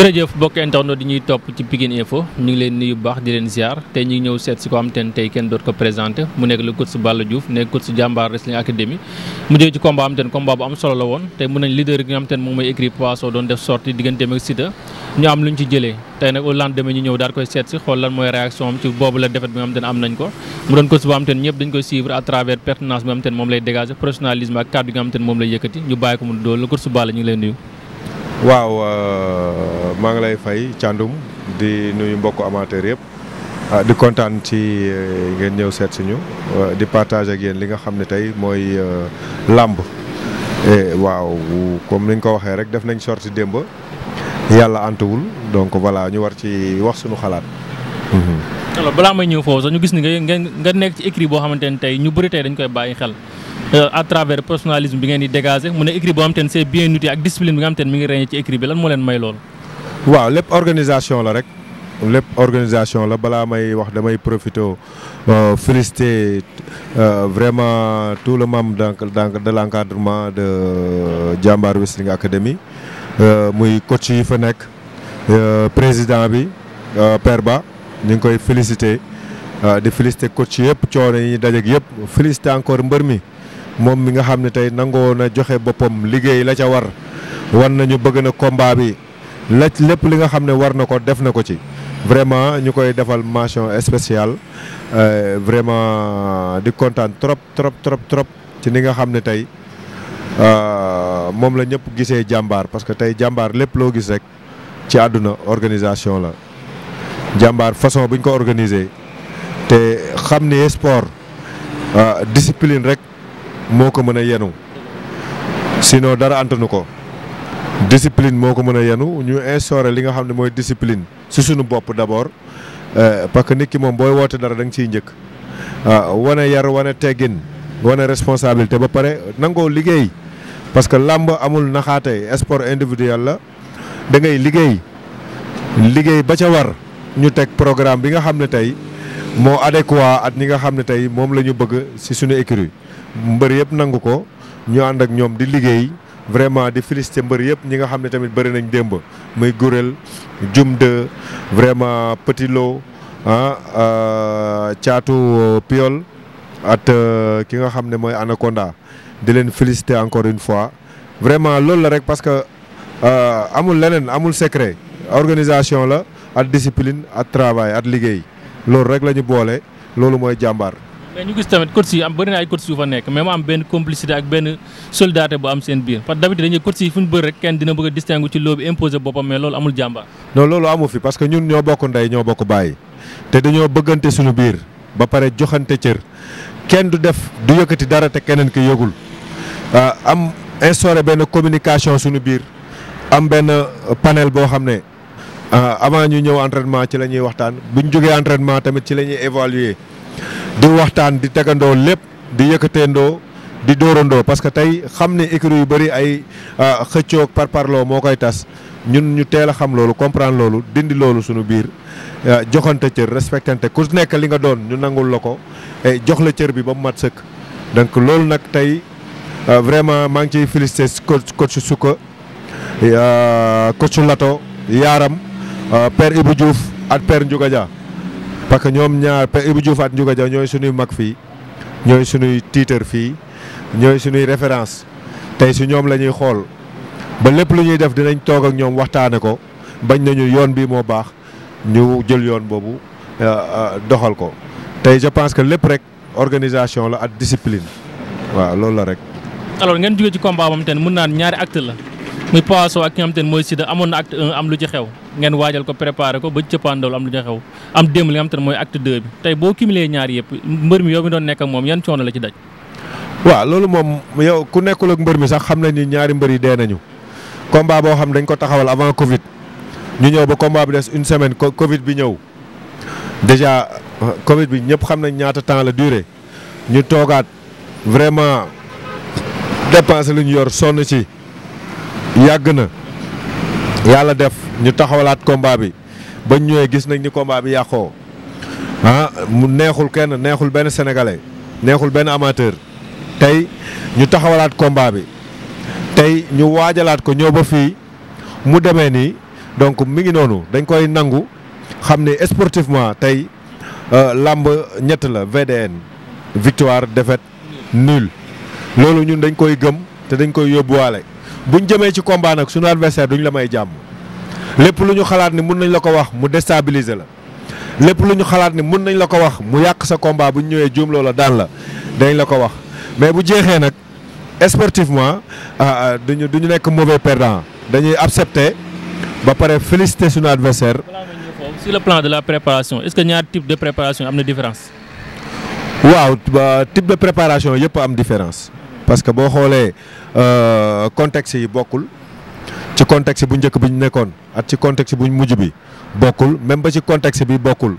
jërëjëf bokk internet di ñuy topp ci Pikine Info ñu ngi leen nuyu bu baax di leen ziar tey ñu ñëw seet si ko xam te ne tey kenn doot ko présenté mu nekk le coach ci combat am te ne combat am solo la woon doon def sortie am lu ñu ci koy seet si xool lan mooy réaction am ci boobu bi nga am nañ ko mu doon coach boo xam bi nga xam te moom lay dégager professionnalisme ak cadre bi nga xam te moom lay yëkkati ñu maa ngi lay fay Thiandoum di nuyu mbokk amateur yeb ah, di contane ci eh, ngeen ñew set suñu eh, di partage ak yeen li nga xamne tay moy lamb eh, làmb waaw comme ni nga ko waxe rek def nañ sorti démb yalla antuwul donc voilà ñu war ci wax suñu xalaat. Mhm. alors bala may ñëw fofu ñu gis ni nga nga nekk ci écrit bo xamantene tay ñu bëri tay dañ koy bayyi xel. Euh, à travers personnalisme bi ngeen di dégager mu ne écrit bo xamantene c'est bien outil ak discipline bi nga xamantene mi ngi rëññee ci écrit bi lan mo leen may lool waaw lépp organisation la rek lépp organisation la balaa may wax damay profité euh, féliciter euh, vraiment tout le membre de l'encadrement de euh, Jambar Wrestling Academy muy coach yi fa nekk président bi Père Ba ñu ngi koy féliciter di féliciter coach yëpp coono yi dajeeg yëpp féliciter encore mbër mi moom mi nga xam ne tey nangoo na joxe boppam liggéey la ca war wan nañu bëgg na combat bi. lepp lépp li nga xam ne war nako def nako ci vraiment ñukoy defal mention spéciale euh, vraiment di kontaan trop trop trop trop ci ni nga ne tay. Euh, Mom la ñepp gisé jambar. parce que tay jambar lepp lo gis rek ci aduna organisation la jambar façon buñ ko organiser te xamné sport sport euh, discipline rek moko ko yenu sino dara ko discipline moo ko mën a yenu ñu instauré li nga xam ne mooy discipline si suñu bopp d'abord euh, parce que nit ki moom booy woote dara da nga ciy njëkk euh, wane yar wane teggin wane responsabilité ba pare nangoo liggéey parce que làmb amul naxaate sport individuel la da ngay liggéey liggéey ba ca war ñu teg programme bi nga xam ne tey moo adéquat at ni nga xam ne tey moom la ñu bëgg si suñu écurie mbër yëpp nangu ko ñu ànd ak ñoom di liggéey vraiment di félicité mbër yëpp ñi nga xam ne tamit bëri nañ démb muy Gurel Jum de vraiment Petit Lo ah Caatu euh, euh, Piol at euh, ki nga xam ne mooy Anaconda di leen félicité encore une fois vraiment loolu la rek parce que amul leneen amul secret organisation la at discipline at travail at liggéey loolu rek la ñu boole loolu mooy jàmbaar. mais ñu gis tamit coach yi am bëri na ay coach yu fa nekk mais mu am benn complicité ak benn solidarité bu am seen biir parce que d'habitude dañuy coach yi fu ñu bëri rek kenn dina bëgg a distingue ci loobu imposé boppam mais loolu amul jàmbaar. non loolu amu fi parce que ñun ñoo bokk ndey ñoo bokk bàyyi te dañoo bëggante suñu biir ba pare joxante cër kenn du def du yëkkati dara te keneen ki yëgul ah, am instauré benn communication suñu biir am benn panel boo xam ne ah, avant ñu ñëw entraînement ci la ñuy waxtaan bu jógee entraînement tamit ci la ñuy évaluer du waxtaan di tegandoo lépp di yëkkateendoo di dóorandoo parce que tey xam ne écurie yu bëri ay euh, xëccoo par parloo moo koy tas ñun ñu teel a xam loolu comprendre loolu dindi loolu suñu biir euh, joxante cër respectante ku nekk li nga doon ñu nangul la ko et jox la cër bi ba mu mat sëkk. donc loolu nag tey euh, vraiment maa ngi ciy félicité coach coach Souka coach Lato Yaaram père Ibou juuf ak père Ndiouga parce que ñoom ñaar pe Ibou Diouf ak Ndiouga Dia ñooy suñuy mag fii ñooy suñuy tiitër fii ñooy suñuy référence tey si ñoom la ñuy xool ba lépp lu ñuy def dinañ toog ak ñoom waxtaane ko bañ nañu yoon bii moo baax ñu jël yoon boobu euh, euh, doxal ko tey je pense que lépp rek organisation la ak discipline waaw loolu la rek. alors ngeen jóge ci combat moom tamit mun naan ñaari acte la. muy poisson ak ki nga xamante ne mooy Siteu amoon na acte am lu ci xew ngeen waajal ko préparer ko ba cappaandaw am lu ci xew am démb li nga xamante ne mooy acte deux bi tey boo cumulé ñaar yëpp mbër mi yow mi doon nekk moom yan coono la ci daj. waaw loolu moom yow ku nekkul ak mbër mi sax xam nañ ni ñaari mbër yi dee nañu combat boo xam dañ ko taxawal avant Covid ñu ñëw ba combat bi des une semaine Covid bi ñëw déjà Covid bi ñëpp xam nañ ñaata temps la durée ñu toogaat vraiment dépenser lu ñu yor sonn ci. yàgg na yàlla def ñu taxawalaat combat bi bañ ñëwee gis nañ ni kombaa bi yàqoo ah, mu neexul kenn neexul benn sénégalais neexul benn amateur tey ñu taxawalaat combat bi tey ñu waajalaat ko ñëw ba fii mu demee nii donc mi ngi noonu dañ koy nangu xam ne sportivement tey euh, làmb ñett la VDN victoire défaite nul loolu ñun dañ koy gëm te dañ koy yóbbuwaale. bu buñ jëmee ci combat nag suñu adversaire duñ la may jàmm lépp lu ñu xalaat ni mun nañ la ko wax mu déstabiliser la lépp lu ñu xalaat ni mun nañ la ko wax mu yàq sa combat bu ñu ñëwee juum la daan la dañ la ko wax mais bu jeexee nag sportivement ah, ah, duñu duñu nekk mauvais perdant dañuy accepter ba pare féliciter suñu adversaire sur plan de la préparation est-ce de préparation am na différence. waaw type de préparation yëpp am différence. parce que boo xoolee euh, contexte yi bokkul ci contexte bu njëkk bi ñu nekkoon ak ci contexte bu mujj bi bokkul même ba ci contexte bi bokkul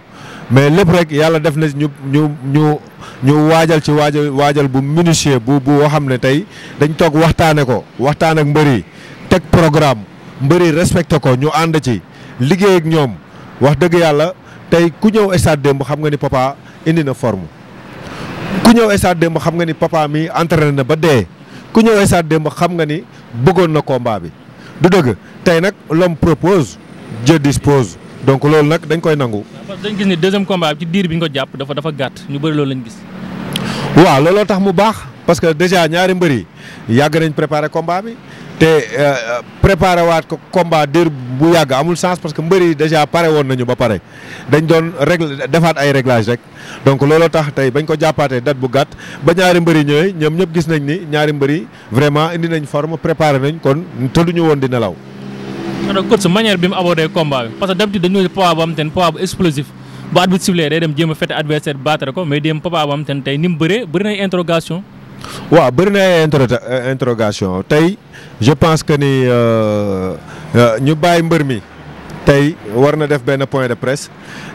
mais lépp rek yàlla def na ñu ñu ñu ñu waajal ci waajal waajal bu minutieux bu bu xam ne tey dañ toog waxtaane ko waxtaan ak mbër yi teg programme mbër yi respecté ko ñu ànd ci liggéey ak ñoom wax dëgg yàlla tey ku ñëw stade démb xam nga ni papa indi na forme ku ñëw stade démb xam nga ni papa mi entraîné na ba dee ku ñëw stade démb xam nga ni bëggoon na combat bi du dëgg tey nag l'homme propose Dieu dispose donc loolu nag dañ koy nangu. dañ gis ni deuxième combat bi ci diir bi ñu ko jàpp dafa dafa gàtt ñu bëri loolu lañ gis. waaw looloo tax mu baax parce que déjà ñaari mbër yi yàgg nañ préparer kombaa bi. te euh, préparé waat ko combat dër bu yàgg amul sens parce que mbëri déjà pare woon nañu ba pare dañ doon régl defaat ay réglage rek donc looloo tax tey bañ ko jàppaatee date bu gàtt ba ñaari mbëri ñëwee ñoom ñëpp gis nañ ni ñaari mbëri vraiment indi nañ forme préparé nañ kon tëdduñu woon di nelaw. kon coach manière bi mu abordé combat parce que d'habitude dañu poids bu am ten a fete adversaire battre ko mais dem papa bu am ten tey ni mu bëree bëri na interrogation. wa bëri eh, interrogation tay je pense que ni euh, euh, ñu bàyyi mbeur mi tay warna def ben point de presse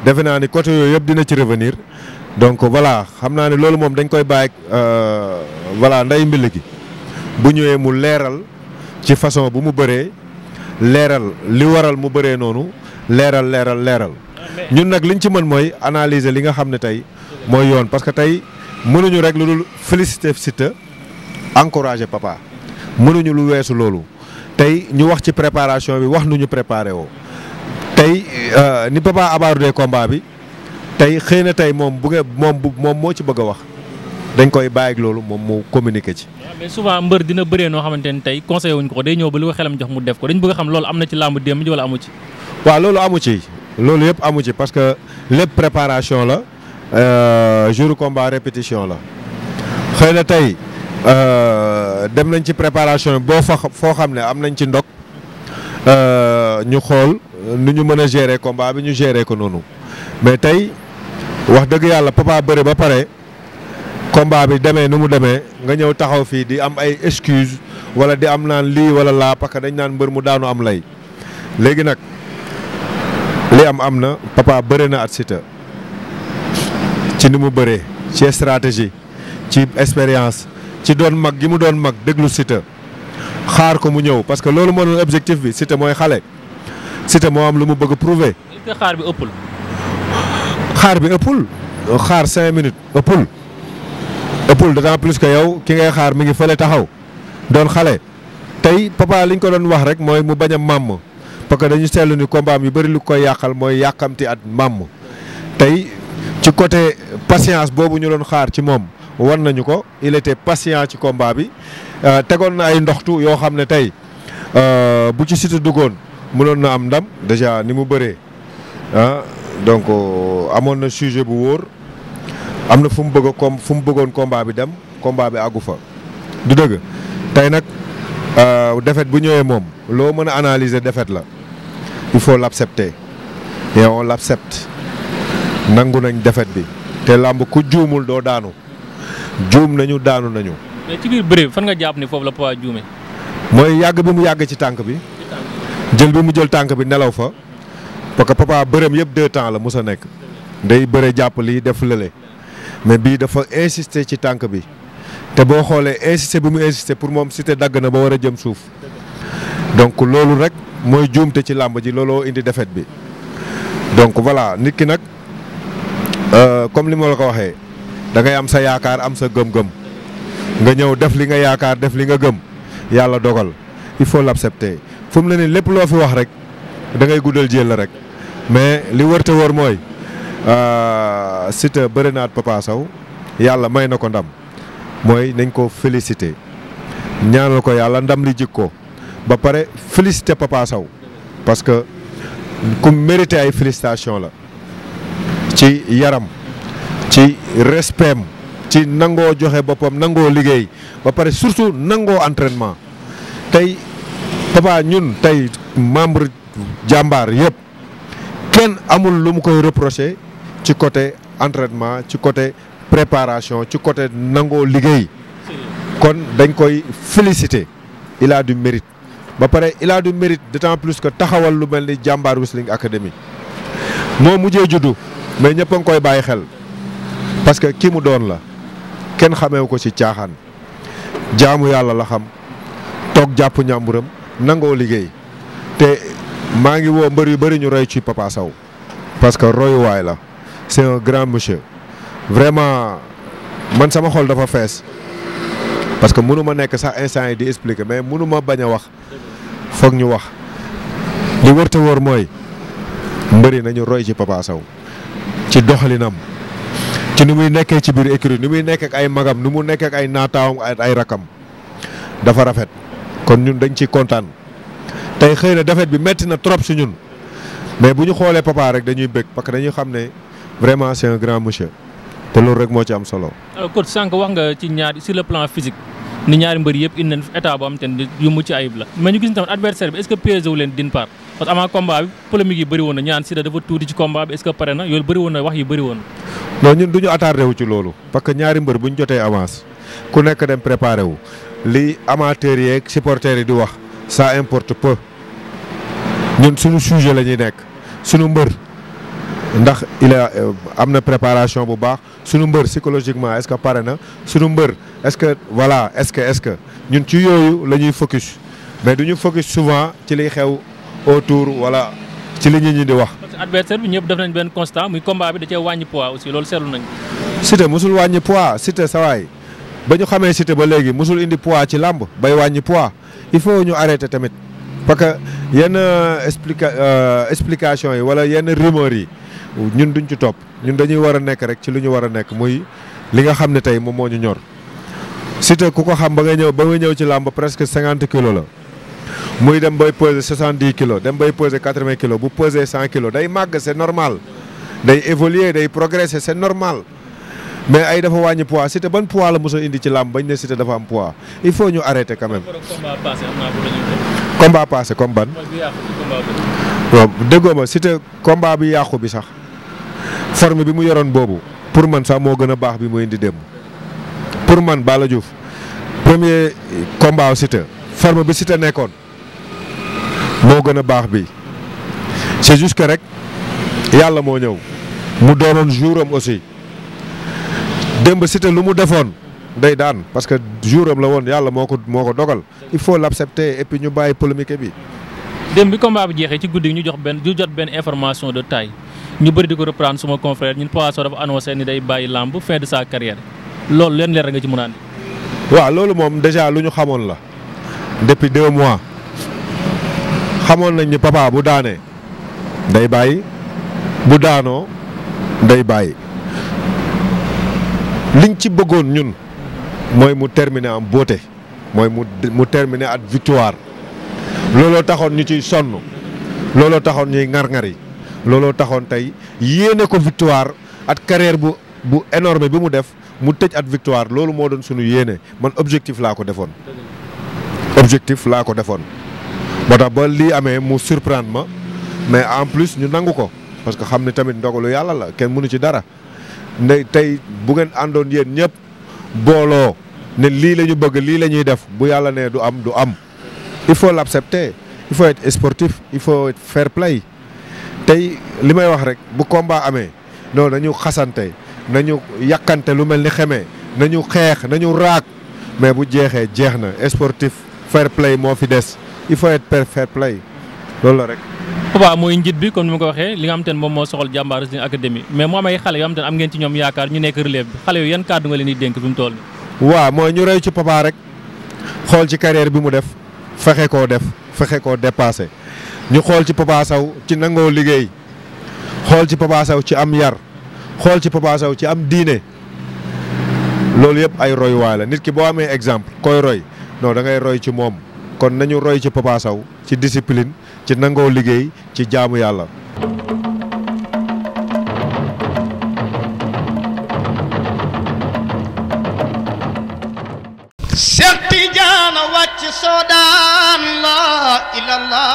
defe naa ni côté yooyu dina ci revenir donc voilà xamna ni lolu mom dañ koy euh voilà nday mbill gi bu ñewé mu léral ci façon bu mu bëree léral li waral mu bëree nonu léral léral léral ah, ñun nak liñ ci mën moy analyser li nga xamné tay moy yoon parce que tay mënuñu rek lu dul féliciter Siteu encourager papa mënuñu lu weesu loolu tey ñu wax ci préparation bi wax nu ñu préparé woo tey euh, ni papa abordé combat bi tey xëy na tey moom bu ngeen moom moom moo ci bëgg a wax dañ koy bàyyi ak loolu moom mu communiqué ci. mais souvent mbër dina bëree noo xamante ne tey conseil wuñ ko day ñëw ba li ko jox mu def ko dañ bëgg xam loolu am na ci làmb démb ji wala amu ci. waa loolu amu ci loolu yëpp amu ci parce que lépp préparation la. Euh, jour combat répétition la xëy na tey euh, dem nañ ci préparation boo fa foo xam ne am nañ ci ndog euh, ñu xool nu ñu mën a gérer combat bi ñu gérer ko noonu mais tey wax dëgg yàlla papa bëre ba pare combat bi demee nu mu demee nga ñëw taxaw fii di am ay excuse wala di am naan lii wala laa parce dañ naan mbër mu daanu am lay léegi nag li am am na papa bëre na at Siteu ci ni mu bëree ci stratégie ci expérience ci doon mag gi mu doon mag déglu Siteu xaar ko mu ñëw parce que loolu moo doon objectif bi Siteu mooy xale Siteu moo am lu mu bëgg a prouver. xaar bi ëppul. xaar bi ëppul xaar cinq minutes ëppul ëppul d'autant plus que yow ki ngay xaar mi ngi fële taxaw doon xale tey papa liñ ko doon wax rek mooy mu bañ a màmm parce que dañu seetlu ni mbaam yu bëri lu koy yàqal mooy yàqamti at màmm tey. ci côté patience boobu ñu doon xaar ci moom war nañu ko il était patient ci combat bi euh, tegoon na ay ndoxtu yoo xam ne tey euh, bu ci Siteu duggoon mënoon na am ndam déjà ni mu bëree ah donc euh, amoon na sujet bu wóor am na fu mu bëgg a fu mu bëggoon combat bi dem combat bi àggu fa du dëgg tey nag défaite bu ñëwee moom loo mën a analyser défaite la il faut l'accepter et on l'accepte nangu nañ defet bi te làmb ku juumul doo daanu juum nañu daanu nañu. fan nga jàpp ni foofu la poids juume. mooy yàgg bi mu yàgg ci tànk bi. jël bi mu jël tànk bi nelaw fa parce que papa bërëm yëpp deux temps la mos nekk. day bëre jàpp lii def lële mais bii dafa insister ci tànk bi te boo xoolee insister bi mu insister pour moom Siteu dagg na ba war a jëm suuf donc loolu rek mooy juumte ci làmb ji looloo indi defet bi donc voilà nit ki nag. Euh, comme li ma la ko waxee da ngay am sa yaakaar am sa gëm-gëm nga ñëw def li nga yaakaar def li nga gëm yàlla dogal il faut l'accepter fu mu la ne lépp loo fi wax rek da ngay guddal jël la rek mais li wër wër mooy euh, Siteu bëri naat Papa yàlla may na ko ndam mooy nañ ko féliciter ñaanal ko yàlla ndam li jik ko ba pare féliciter Papa parce que comme mérité ay félicitations la. ci yaram ci respect ci nangoo joxe boppam nangoo liggéey ba pare surtout nangoo entraînement tey Papa ñun tey membre jàmbaar yëpp kenn amul lu mu koy reprocher ci côté entraînement ci côté préparation ci côté nangoo liggéey kon dañ koy féliciter il du mérite ba pare il a du mérite d'autant plus que taxawal lu mel ni jàmbaar Wrestling Academy moo mujjee juddu mais ñëpp a ngi koy bàyyi xel parce que ki mu doon la kenn xameewu ko ci caaxaan jaamu yàlla la xam toog jàpp ñàmburam nangoo liggéey te maa ngi woo mbër yu bëri ñu roy ci Papa Sow parce que royuwaay la c'est un grand monsieur vraiment man sama xol dafa fees parce que mënu nekk sax instant yi di expliquer mais mënu ma bañ a wax foog ñu wax li wërta wóor mooy mbëri nañu roy ci Papa Sow ci doxalinam ci ni muy nekkee ci biir écurie ni muy nekkee ay magam ni mu nekk ak ay naataawam ay rakkam dafa rafet kon ñun dañ ciy kontaan tey xëy na defet bi metti na trop si ñun mais bu ñu xoolee papa rek dañuy bëgg parce que dañuy xam ne vraiment c'est un grand monsieur te loolu rek moo ci am solo. alors coach wax nga ci ñaar sur le plan physique ni ñaari mbër yëpp indi nañ état bu am te yu mucc ayib la mais ñu gis tamit adversaire bi est-ce que wu leen d'une parce que avant combat bi polémique yi bari woon ñaan sida dafa tuuti ci combat bi est ce que paré na yool bari woon wax yi bari woon. non ñun duñu attardé wu ci lolu parce que ñaari mbeur buñu ñu avance ku nekk dem préparé wu li amateur yi ak supporters yi di wax ça importe peu ñun suñu sujet lañuy nekk suñu mbeur ndax il a euh, amna préparation bu baax suñu mbeur psychologiquement est ce que paré na suñu mbeur est ce que voilà est ce que est ce que ñun ci yoyu lañuy focus mais duñu focus souvent ci li xew autour wala ci li ñi di wax adversaire bi ñepp def nañ ben constant muy combat bi da ci wañi poids aussi lolou sétlu nañ cité musul wañi poids cité sawaay ba ñu xamee Siteu ba légui musul indi poids ci lamb bay wañi poids il faut ñu arrêter tamit parce que yenn euh, explica euh, explication yi wala yenn rumeur yi ñun duñ ci top ñun dañuy wara nek rek ci lu ñu war a muy li nga xamné tay mo moom ñu ñor cité ku ko xam ba nga ñew ba nga ñew ci lamb presque 50 kg la muy dem bay peser 70 kilos dem bay peser 80 kilos bu peser 100 kilos day mag, c'est normal day évoluer day progresser c'est normal mais ay dafa wàññi poids Siteu ban poids la mos indi ci lamb bañ ne Siteu dafa am poids il faut ñu arrêter quand même. combat passé comme ban. waaw déggoo ma Siteu combat bi yàqu bi sax forme bi mu yoron bobu pour man ça mo gëna bax bi mo indi dem pour man bala Diouf premier combat Siteu forme bi Siteu nekkoon c'est juste que Nous donnons le jour mu jouram aussi cité lu mu defoon day daan parce que jouram la won il faut l'accepter et puis ñu baye polémique bi. démb bi combat bi jexé ci ñu information de taille ñu bari diko reprendre suma confrère ñun Papa dafa annoncé ni day baye fin de sa carrière loolu leen leer nga ci dit. Wa déjà lu ñu depuis deux mois. xamoon nañ ni papa bu daanee day bàyyi bu daanoo day bàyyi liñ ci bëggoon ñun mooy mu terminer am boote mooy mu mu terminer at victoire looloo taxoon ñu ciy sonn looloo taxoon ñuy ŋar-ŋar looloo taxoon tey yéene ko victoire at carrière bu bu énorme bi mu def mu tëj at victoire loolu moo doon suñu yéene man objectif laa ko defoon objectif laa ko defoon moo tax ba lii mu surprendre ma mais en plus ñu nangu ko parce que xam tamit ndogolu yalla la kèn mënu ci dara ndey tay bu ngeen andone yeen ñep bolo ne li lañu bëgg li lañuy def bu yalla ne du am du am il faut l'accepter il faut être sportif il faut être fair play tay limay wax rek bu combat amé non nañu xassanté nañu yakanté lu melni xémé nañu xeex nañu raak mais bu jéxé jéxna sportif fair play mo fi dess il faut être fair play loolu la rek. Papa mooy njit bi comme ni ma ko waxee li nga am te ne moom moo soxal jàmbaar suñu académie mais mu am ay xale yoo xam te am ngeen ci ñoom yaakaar ñu nekk relève bi xale yooyu yan kàddu nga leen di dénk fi mu toll nii. waaw mooy ñu rey ci Papa rek xool ci carrière bi mu def fexe koo def fexe koo dépassé ñu xool ci Papa Sow ci nangoo liggéey xool ci Papa Sow ci am yar xool ci Papa Sow ci am diine loolu yëpp ay roy waay nit ki boo amee exemple koy roy non da ngay ci moom. kon nañu roy ci Papa saw ci discipline ci nango liggey ci jaamu yalla Cheikh Tidiane wàcc la ilallah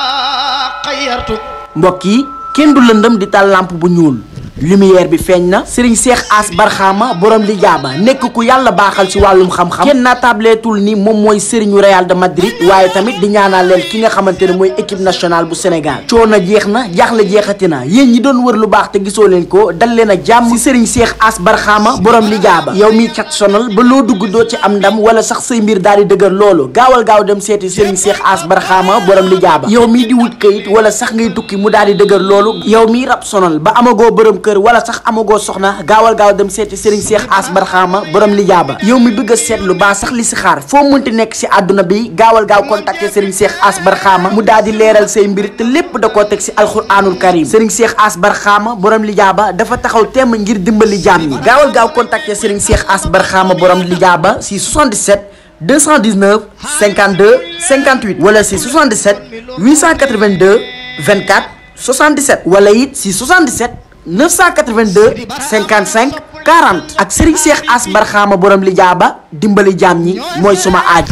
xayartu. mbokk yi kenn du di tal lampe bu ñuul. lumière bi feeñ na serigne Cheikh As Barxaama borom li jaba nek ku yàlla baxal ci walum xam xam-xam ken kenn naataableetul ni mom moy serigne Real de Madrid waye tamit di ñaanaleel ki nga xamantene moy équipe nationale bu Sénégal coono jeex na jaaxle jeexati na yéen ñi doon wër lu bax te gisoo leen ko dal leen a jàmm ci serigne Cheikh As Barxaama borom li jaba yow mi chat sonal ba lo dugg do ci am ndam wala sax say mbir daal di dëgër loolu gaawal gaaw dem seti serigne Cheikh As Barxaama borom li jaba yow mi di wut keuyit wala sax ngay tukki mu daal di dëgër loolu yow mi rap sonal ba amago borom kër jëkkër wala sax amagoo soxna gaawal gaaw dem seeti Serigne Cheikh Ass Barxaama borom li ba yow mi bëgg a seetlu baa sax li si xaar foo mënti nekk si àdduna bi gaawal gaaw contacter Serigne Cheikh Ass Barxaama mu daal di leeral say mbir te lépp da koo teg si alxuraanul karim Serigne Cheikh Ass Barxaama borom li jaaba dafa taxaw temm ngir dimbali jaam ñi gaawal gaaw contacter Serigne Cheikh Ass Barxaama borom li jaaba si 77 219 52 58 wala si 77 882 24 77 wala it 982 55 40 ak Serigne Cheikh As Barxaama borom li jaaba dimbali jaam ñi mooy suma aaj.